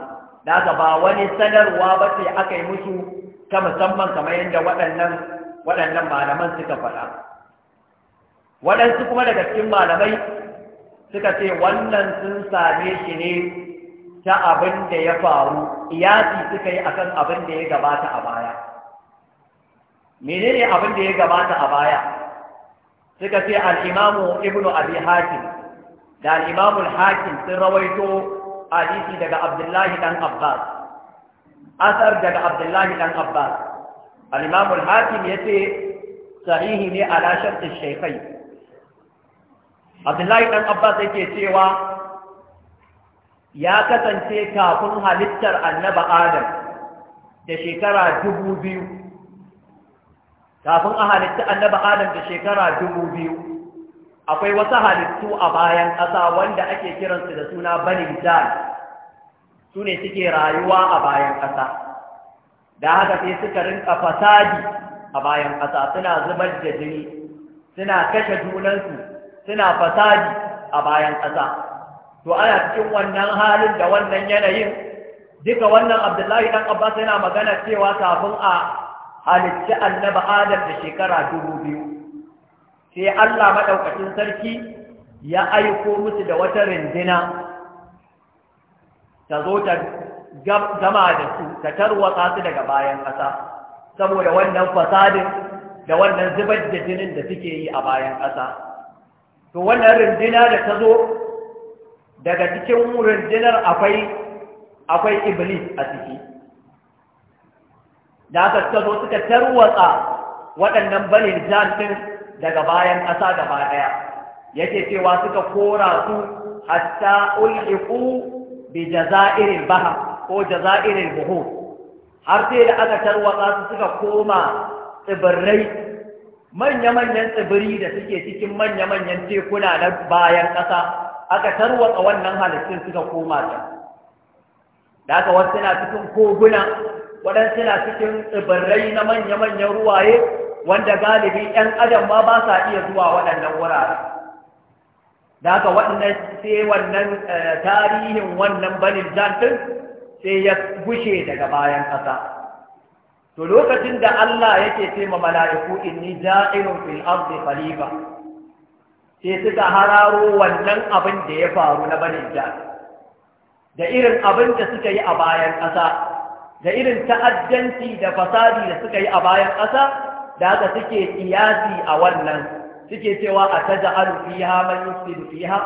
daga ba wani sanarwa ba sai aka yi musu ta musamman kamar yadda waɗannan waɗannan malaman suka faɗa waɗansu kuma daga cikin malamai suka ce wannan sun same shi ne ta abin da ya faru iyasi suka yi akan abin da ya gabata a baya menene abin da ya gabata a baya suka ce al-imamu ibnu abi hatim da al-imamu al-hakim sun rawaito hadisi daga Abdullahi dan Abbas asar daga Abdullahi dan Abbas al-Imam al-Hakim yace sahihi ne ala shart al-Shaykhai Abdullahi dan Abbas yake cewa ya kasance kafin halittar annaba Adam da shekara kafin a halitta annaba Adam da shekara dubu biyu akwai wasu halittu a bayan ƙasa wanda ake kiransu da suna Bani dal su ne suke rayuwa a bayan ƙasa da haka sai suka rinka fasadi a bayan ƙasa suna zubar da jini suna kashe junansu suna fasadi a bayan ƙasa to ana cikin wannan halin da wannan yanayin duka wannan abdullahi dan abbas yana magana cewa kafin a halicci annabi adam da shekara dubu biyu sai Allah maɗaukacin sarki ya aiko musu da wata rindina ta zo ta gama da su ta tarwatsa su daga bayan ƙasa saboda wannan fasadin da wannan zubar da jinin da suke yi a bayan ƙasa to wannan rindina da ta zo daga cikin rindinar akwai akwai iblis a ciki da aka ta zo suka tarwatsa waɗannan balin jantin daga bayan ƙasa gaba ɗaya yake cewa suka kora su hatta ulhiqu bi jazairil bahr ko jazairil buhur har sai da aka tarwatsa su suka koma tsibirai manya-manyan tsibiri da suke cikin manya-manyan tekuna na bayan ƙasa aka tarwatsa wannan halittun suka koma can da aka wasu suna cikin koguna waɗansu suna cikin tsibirai na manya-manyan ruwaye wanda galibi ‘yan adam ma ba sa iya zuwa waɗannan wurare da haka waɗannan sai wannan eh, tarihin wannan banin jantin sai ya gushe daga bayan ƙasa to lokacin da Allah yake ce ma mala'iku inni ja'ilun fil ardi khalifa sai suka hararo wannan abin da ya faru na banin jantin da irin abin da suka yi a bayan ƙasa da irin ta'addanci da fasadi da suka yi a bayan ƙasa da haka suke siyasi a wannan suke cewa a ta ja'alu fiha man yufsidu fiha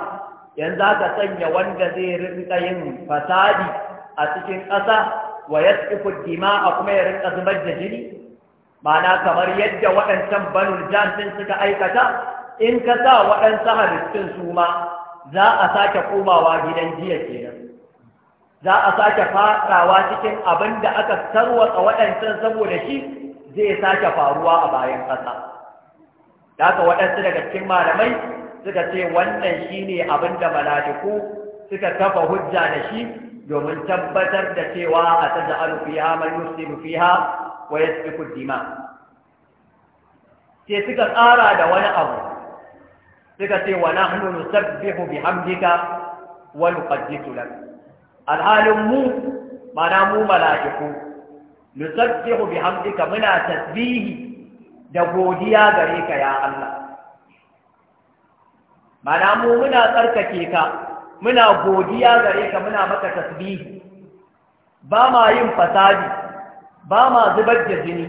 yanzu aka sanya wanda zai rinka yin fasadi a cikin ƙasa wa yasqifu dima'a kuma ya rinka zubar da jini ma'ana kamar yadda waɗancan banu jan suka aikata in ka sa waɗansu halittun su ma za a sake komawa gidan jiya kenan za a sake faɗawa cikin abin da aka tarwatsa waɗancan saboda shi zai sake faruwa a bayan ƙasa da waɗansu daga cikin malamai suka ce wannan shi ne abin da mala'iku suka kafa hujja da shi domin tabbatar da cewa a taja alufiya man yuslimu fiha wa fi dima sai suka tsara da wani abu suka ce wa nahnu bi hamdika wa nuqaddisu lak alhalin mu mana mu mala'iku nusabbihu bihamdika muna tasbihi da godiya gare ka ya Allah mana mu muna tsarkake ka muna godiya gare ka muna maka tasbihi ba ma yin fasadi ba ma zubar da jini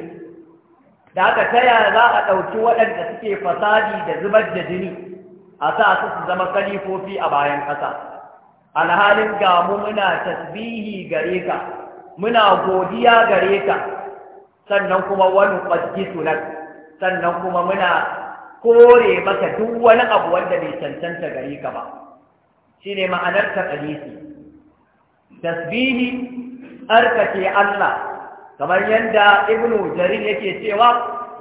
da aka taya za a ɗauki waɗanda suke fasadi da zubar da jini a sa su su zama kalifofi a bayan ƙasa alhalin ga mu muna tasbihi gare ka muna godiya gare ka sannan kuma wani ƙwajjitu sunan, sannan kuma muna kore maka duk wani abu wanda bai cancanta gare ka ba shi ne ma'anar taƙalisi tasbihi arkace Allah kamar yadda ibnu jarir yake cewa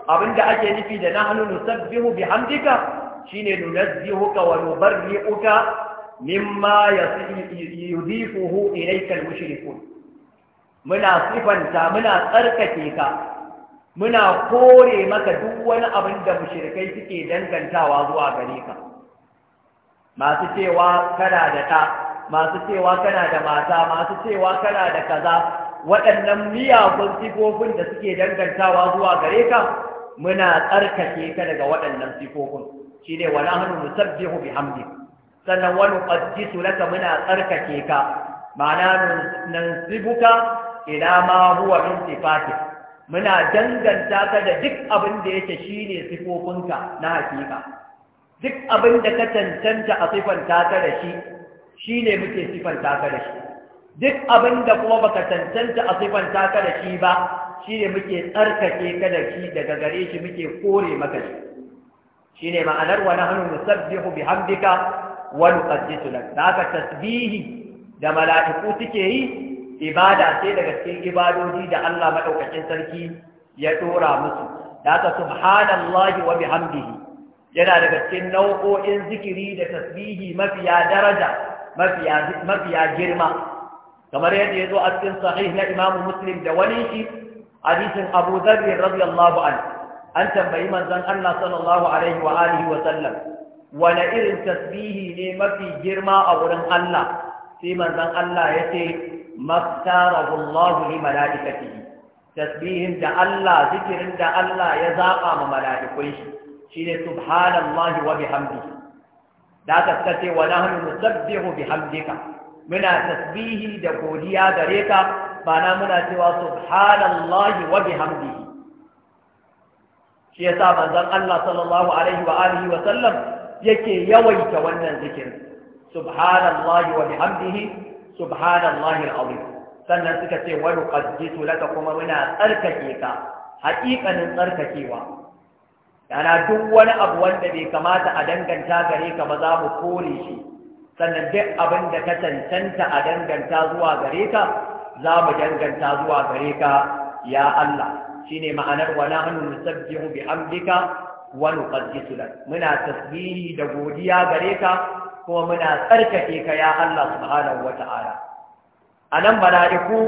abinda ake nufi da na nahnu nusabbihu bihamdika shine nunazzihuka wa nubarri'uka mimma yudhifuhu ilayka al muna sifanta muna tsarkake ka muna kore maka duk wani abin da mushirkai suke dangantawa zuwa gare ka masu cewa kana da ɗa masu cewa kana da mata masu cewa kana da kaza waɗannan miyagun sifofin da suke dangantawa zuwa gare ka muna tsarkake ka daga waɗannan sifofin shine wa nahnu bi hamdi, sannan wani nuqaddisu laka muna tsarkake ka ma'ana nan sibuka ila ma huwa min sifati muna danganta ka da duk abin da yake shine sifofinka na hakika duk abin da ka tantanta a sifanta ka da shi shine muke sifanta ka da shi duk abin da kuma baka tantanta a sifanta ka da shi ba shine muke tsarkake ka da shi daga gare shi muke kore maka shi shine ma'anar wa nahnu nusabbihu bihamdika wa nuqaddisu lak da ka tasbihi da mala'iku suke yi ibada sai daga cikin ibadoji da Allah maɗaukacin sarki ya ɗora musu da ta subhanallahi wa bihamdihi yana daga cikin nau'o'in zikiri da tasbihi mafiya daraja mafiya girma kamar yadda ya zo a cikin sahih na Imam Muslim da wani shi hadisin Abu Dharr radiyallahu anhu an tambayi manzon Allah sallallahu alaihi wa alihi wa sallam wani irin tasbihi ne mafi girma a wurin Allah sai manzon Allah ya ce maktarahu Allah li malaikatihi tasbihin da Allah zikirin da Allah ya zaba ma malaikun shi shine subhanallahi wa bihamdihi da aka suka ce wa nahnu nusabbihu bihamdika muna tasbihi da godiya gare ka ba muna cewa subhanallahi wa bihamdihi shi yasa manzon Allah sallallahu alaihi wa alihi wa sallam yake yawaita wannan zikirin subhanallahi bihamdihi subhanallahi alazim sannan suka ce wani nuqaddisu laka kuma muna tsarkake ka haƙiƙanin tsarkakewa yana duk wani abu wanda bai kamata a danganta gare ka ba za mu kore shi sannan duk abin da ka cancanta a danganta zuwa gare ka za mu danganta zuwa gare ka ya Allah shine ma'anar wa nahnu nusabbihu bi amdika Wani nuqaddisu muna tasbihi da godiya gare ka kuma muna tsarkake ka ya Allah subhanahu A anan mala'iku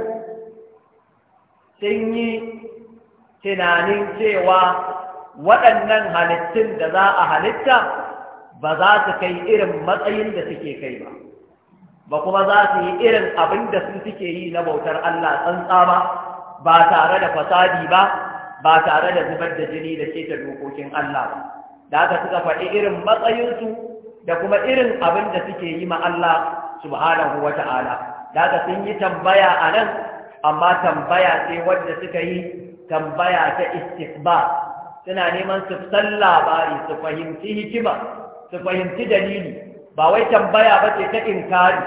sun yi tunanin cewa waɗannan halittun da za a halitta ba za su kai irin matsayin da suke kai ba ba kuma za su yi irin abin da suke yi na bautar Allah tsantsa ba ba tare da fasadi ba ba tare da zubar da jini da keta dokokin Allah ba da haka suka faɗi irin matsayinsu da kuma irin abin da suke yi ma Allah subhanahu wa ta'ala da haka sun yi tambaya a nan amma tambaya sai wadda suka yi tambaya ta istiqba suna neman su san labari su fahimci hikima su fahimci dalili ba wai tambaya ba ce ta inkari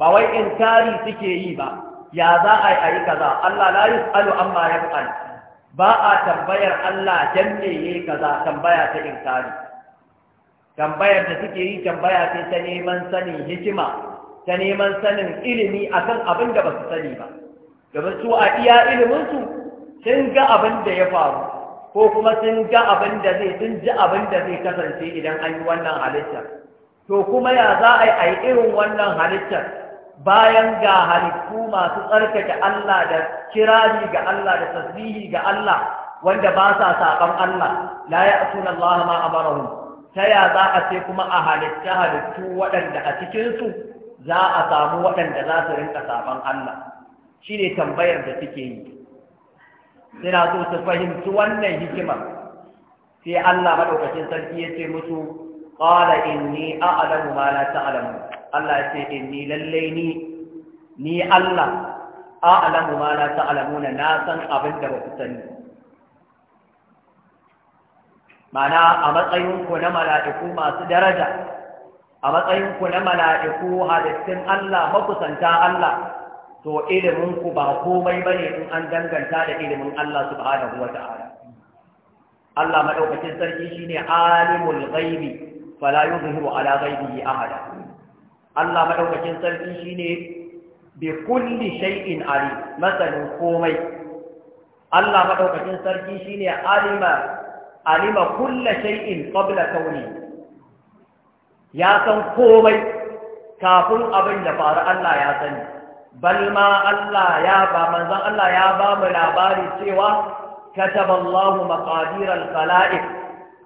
ba wai inkari suke yi ba ya za a yi kaza Allah la yus'alu amma yaf'al ba a tambayar Allah dan ya yi kaza tambaya ta inkari tambayar da suke yi tambaya sai ta neman sanin hikima ta neman sanin ilimi akan abin da ba su sani ba domin su a iya iliminsu sun ga abin da ya faru ko kuma sun ga abin da zai sun ji abin da zai kasance idan an yi wannan halittar to kuma ya za a yi irin wannan halittar bayan ga halittu masu tsarkake Allah da kirari ga Allah da tasbihi ga Allah wanda ba sa saban Allah la ya'tuna Allah ma a amarahum ta ya za a ce kuma a halitta halittu waɗanda a cikinsu za a samu waɗanda za su rinka saban Allah shi ne tambayar da suke yi suna so su fahimci wannan hikimar sai Allah maɗaukacin sarki ya ce musu qala inni a'lamu ma ta alamu Allah ya ce ni lallai ni ni Allah a'lamu ma la ta'lamuna na san abin da ba ku sani mana a matsayinku na mala'iku masu daraja a matsayin na mala'iku halittun Allah makusanta Allah to ilimin ku ba komai ba ne in an danganta da ilimin Allah subhanahu wata'ala Allah maɗaukacin sarki ne alimul gaibi fala yuzhiru ala ghaibihi ahada Allah madaukakin sarki shine bi kulli shay'in ali masanin komai Allah madaukakin sarki shine alima alima kulli shay'in qabla kauni ya san komai kafin abin da faru Allah ya sani bal ma Allah ya ba manzon Allah ya ba mu labari cewa kataballahu maqadir al-khalaiq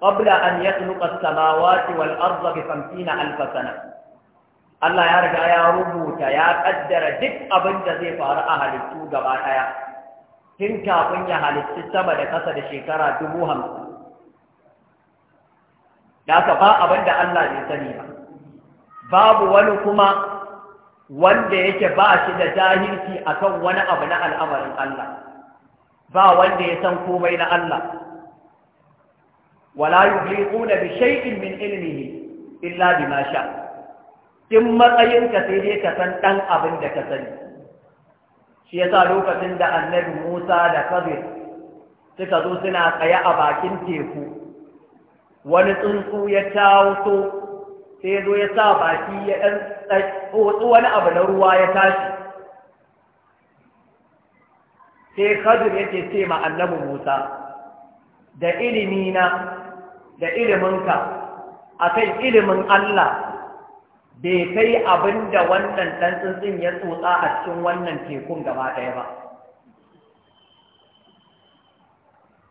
qabla an yakhluqa as-samawati wal arda bi 50000 Allah ya riga ya rubuta ya kaddara duk abin da zai faru a halittu gaba ɗaya tun kafin ya halittu sama da kasa da shekara dubu hamsin da aka ba abin da Allah zai sani ba babu wani kuma wanda yake ba shi da jahilci akan wani abu na al'amarin Allah ba wanda ya san komai na Allah wala yuhiquna bi shay'in min ilmihi illa bima sha cikin matsayinka sai dai ka san ɗan abin da ka sani shi yasa lokacin da annabi musa da kabir suka zo suna tsaye a bakin teku wani tsuntsu ya taso sai zo ya sa baki ya ɗan tsotsi wani abu na ruwa ya tashi sai kabir yake ce ma annabi musa da ilimina da iliminka akan ilimin allah bai kai abin da wannan ɗan tsuntsun ya tsotsa a cikin wannan tekun gaba ɗaya ba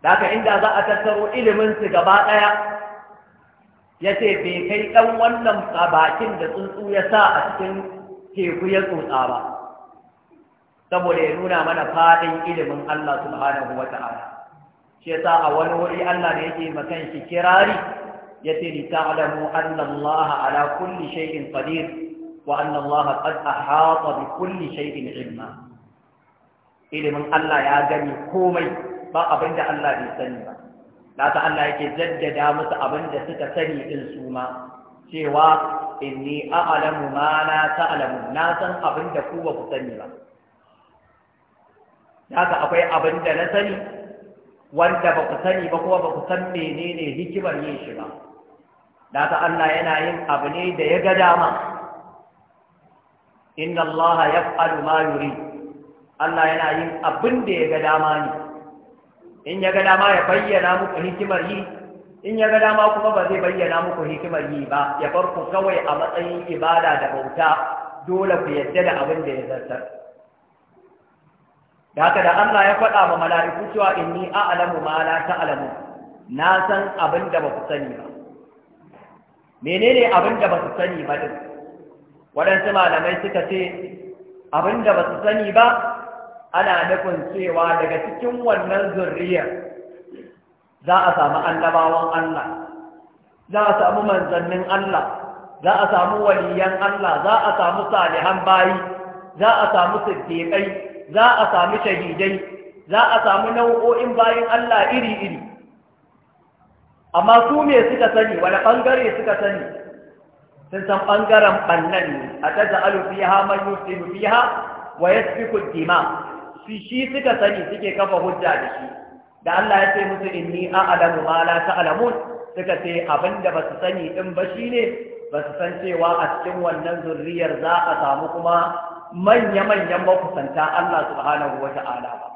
daga inda za a tattaro iliminsu gaba ɗaya ya ce bai kai ɗan wannan bakin da tsuntsu ya sa a cikin teku ya tsotsa ba saboda ya nuna mana faɗin ilimin Allah subhanahu wa ta'ala shi yasa a wani wuri Allah da yake makan shi kirari yace li ta'lamu anna Allah ala kulli shay'in qadir wa anna Allah qad ahata bi kulli shay'in ilma ilimin Allah ya gani komai ba abin da Allah bai sani ba da ta Allah yake jaddada musu abinda suka sani din su ma cewa inni a'lamu ma la ta'lamu na san abin da ku ba ku sani ba haka akwai abin da na sani wanda ba ku sani ba kuma ba ku san menene hikimar yin shi ba daga Allah yana yin abu ne da ya ga dama inna Allah yaf'alu ma yuri Allah yana yin abin da ya ga dama ne in ya ga dama ya bayyana muku hikimar yi in ya ga dama kuma ba zai bayyana muku hikimar yi ba ya bar kawai a matsayin ibada da bauta dole ku yadda da abin da ya zartar da haka da Allah ya faɗa wa mala'iku cewa inni a'lamu ma la ta'lamu na san abin da ba ku sani ba menene abin da ba su sani ba din waɗansu malamai suka ce abin da ba su sani ba ana nufin cewa daga cikin wannan zurriyar za a samu annabawan Allah za a samu manzannin Allah za a samu waliyan Allah za a samu salihan bayi za a samu siddiƙai za a samu shahidai za a samu nau'o'in bayin Allah iri-iri amma su me suka sani wani ɓangare suka sani sun san ɓangaren ɓannan ne a ta za'alu fiha man yusiru fiha wa ku dima shi suka sani suke kafa hujja da shi da Allah ya ce musu inni a'lamu ma la ta'lamun suka ce abinda ba su sani din ba shine ba su san cewa a cikin wannan zurriyar za a samu kuma manya-manyan makusanta Allah subhanahu wa ta'ala ba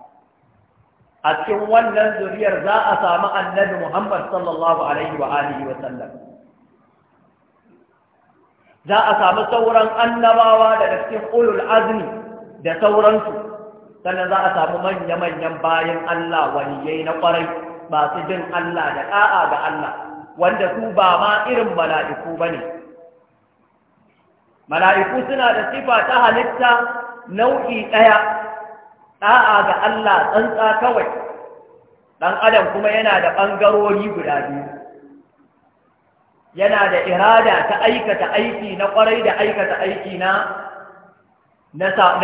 a cikin wannan zuriyar za a samu annabi Muhammad sallallahu alaihi wa alihi wa sallam za a samu sauran annabawa daga cikin ulul azmi da sauransu sannan za a samu manya-manyan bayan Allah waliyai na kwarai su bin Allah da ɗa'a ga Allah wanda su ba ma irin mala'iku ba ne mala'iku suna da sifa ta halitta nau'i ɗaya ɗa'a ga Allah tsantsa kawai ɗan adam kuma yana da ɓangarori guda biyu yana da irada ta aikata aiki na kwarai da aikata aiki na na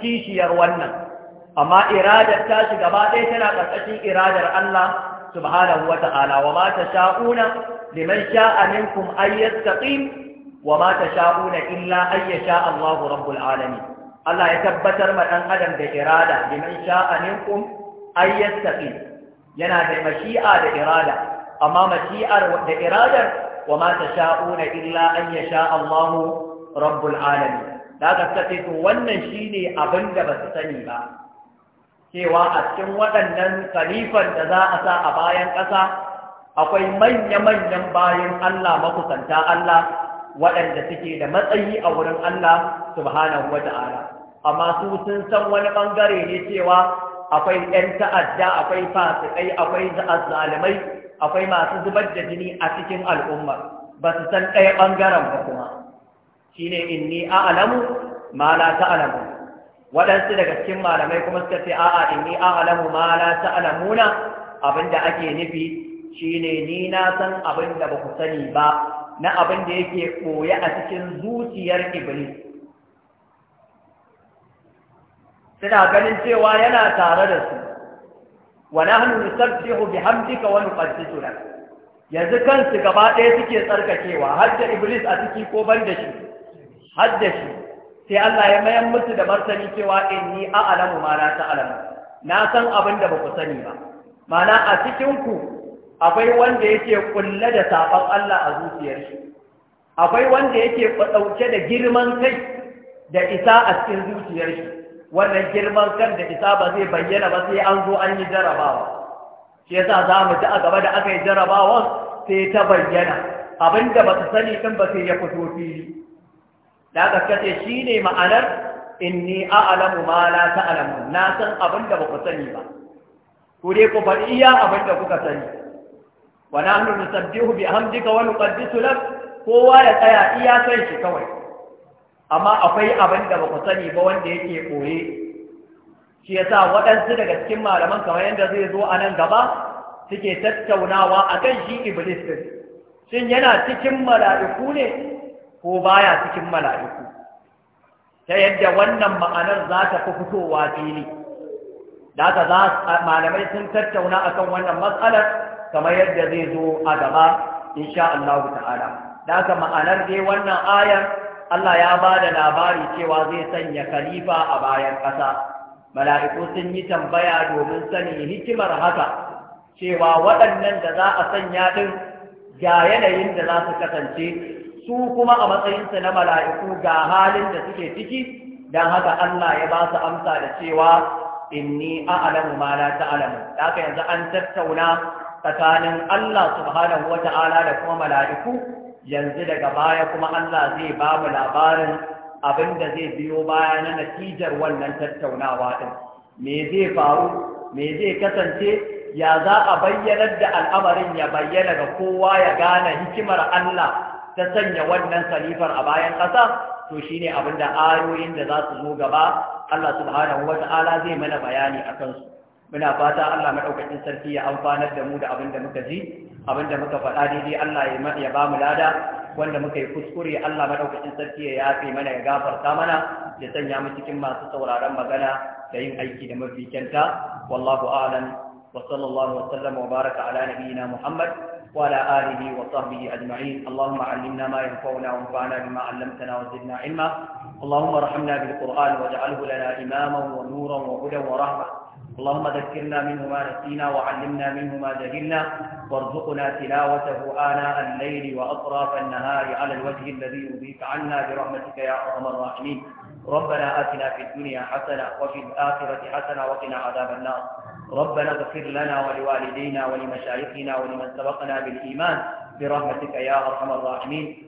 kishiyar wannan amma iradar ta shi gaba ɗaya tana ƙarƙashin iradar Allah subhanahu wa ta'ala wa mata sha'una, liman sha'anin minkum ay yastaqim wa mata sha'una illa ay sha'an Allahu rabbul alamin Allah ya tabbatar ma ɗan adam da irada liman sha'a minkum yana da mashi'a da irada amma mashi'ar da iradar wa ma tasha'una illa an yasha Allah rabbul alamin da ka sace to wannan shine abin da ba su sani ba cewa a cikin waɗannan khalifan da za a sa a bayan ƙasa akwai manya-manyan bayan Allah makusanta Allah waɗanda suke da matsayi a wurin Allah subhanahu wa ta'ala amma su sun san wani bangare ne cewa akwai 'yan ta'adda akwai fasikai akwai zalimai akwai masu zubar da jini a cikin al'umma ba su san ɗaya bangaren ba kuma Shi ne in ni a a'lamu ma la alamu waɗansu daga cikin malamai kuma suka ce a'a in a a'lamu ma la abin da ake nufi shi ne ni na san abin da ba ku sani ba na abin da yake koya a cikin zuciyar iblis suna ganin cewa yana tare da su wa nahnu nusabbihu bihamdika wani nuqaddisu lak yanzu kansu gaba ɗaya suke tsarkakewa har da iblis a ciki ko ban da shi har da shi sai Allah ya mayan musu da martani cewa a a'lamu ma ta alamu na san abin da baku sani ba mana a cikinku akwai wanda yake kulle da saban Allah a zuciyar shi akwai wanda yake dauke da girman kai da isa a cikin zuciyar shi wannan girman kan da isa ba zai bayyana ba sai an zo an yi jarabawa shi yasa za mu ji a gaba da aka yi jarabawan sai ta bayyana abinda ba su sani din ba sai ya fito fili da aka kace shi ne ma'anar inni a'lamu ma la ta'lamu na san abinda ba ku sani ba ku dai ku faɗi iya abinda kuka sani wa nahnu nusabbihu bihamdika wa nuqaddisu lak kowa ya tsaya iya san shi kawai amma akwai abin da ba ku sani ba wanda yake koye shi yasa waɗansu daga cikin malaman kamar yadda zai zo a nan gaba suke tattaunawa akan shi iblis ɗin shin yana cikin mala'iku ne ko baya cikin mala'iku ta yadda wannan ma'anar za ta fi fitowa fili da haka za malamai sun tattauna akan wannan matsalar kamar yadda zai zo a gaba insha Allah ta'ala da haka ma'anar dai wannan ayar Allah ya ba da labari cewa zai sanya khalifa a bayan ƙasa mala'iku sun yi tambaya domin sani hikimar haka cewa waɗannan da za a sanya din ga yanayin da za su kasance su kuma a matsayinsu na mala'iku ga halin da suke ciki don haka Allah ya ba su amsa da cewa inni a'lamu ma la ta'lamu haka yanzu an tattauna tsakanin Allah subhanahu wata'ala da kuma mala'iku yanzu daga baya kuma Allah zai ba mu labarin abin da zai biyo baya na natijar wannan tattaunawa din me zai faru me zai kasance ya za a bayyanar da al'amarin ya bayyana ga kowa ya gane hikimar Allah ta sanya wannan salifar a bayan ƙasa to shine abin da ayoyin da za su zo gaba Allah subhanahu Ta'ala zai mana bayani a kansu muna fata Allah maɗaukakin sarki ya amfanar da mu da abin da muka ji abinda muka faɗa daidai Allah ya ba mu lada wanda muka yi kuskure Allah madaukakin sarki ya yafe mana ya gafarta mana ya sanya mu cikin masu sauraron magana da yin aiki da mafi kyanta wallahu a'lam wa sallallahu wa wa baraka ala nabiyyina Muhammad wa ala alihi wa sahbihi ajma'in Allahumma 'allimna ma yanfa'una wanfa'na bima 'allamtana wa zidna 'ilma اللهم ارحمنا بالقرآن واجعله لنا إماما ونورا وهدى ورحمة اللهم ذكرنا منه ما نسينا وعلمنا منه ما جهلنا وارزقنا تلاوته آناء الليل وأطراف النهار على الوجه الذي يرضيك عنا برحمتك يا أرحم الراحمين ربنا آتنا في الدنيا حسنة وفي الآخرة حسنة وقنا عذاب النار ربنا اغفر لنا ولوالدينا ولمشايخنا ولمن سبقنا بالإيمان برحمتك يا أرحم الراحمين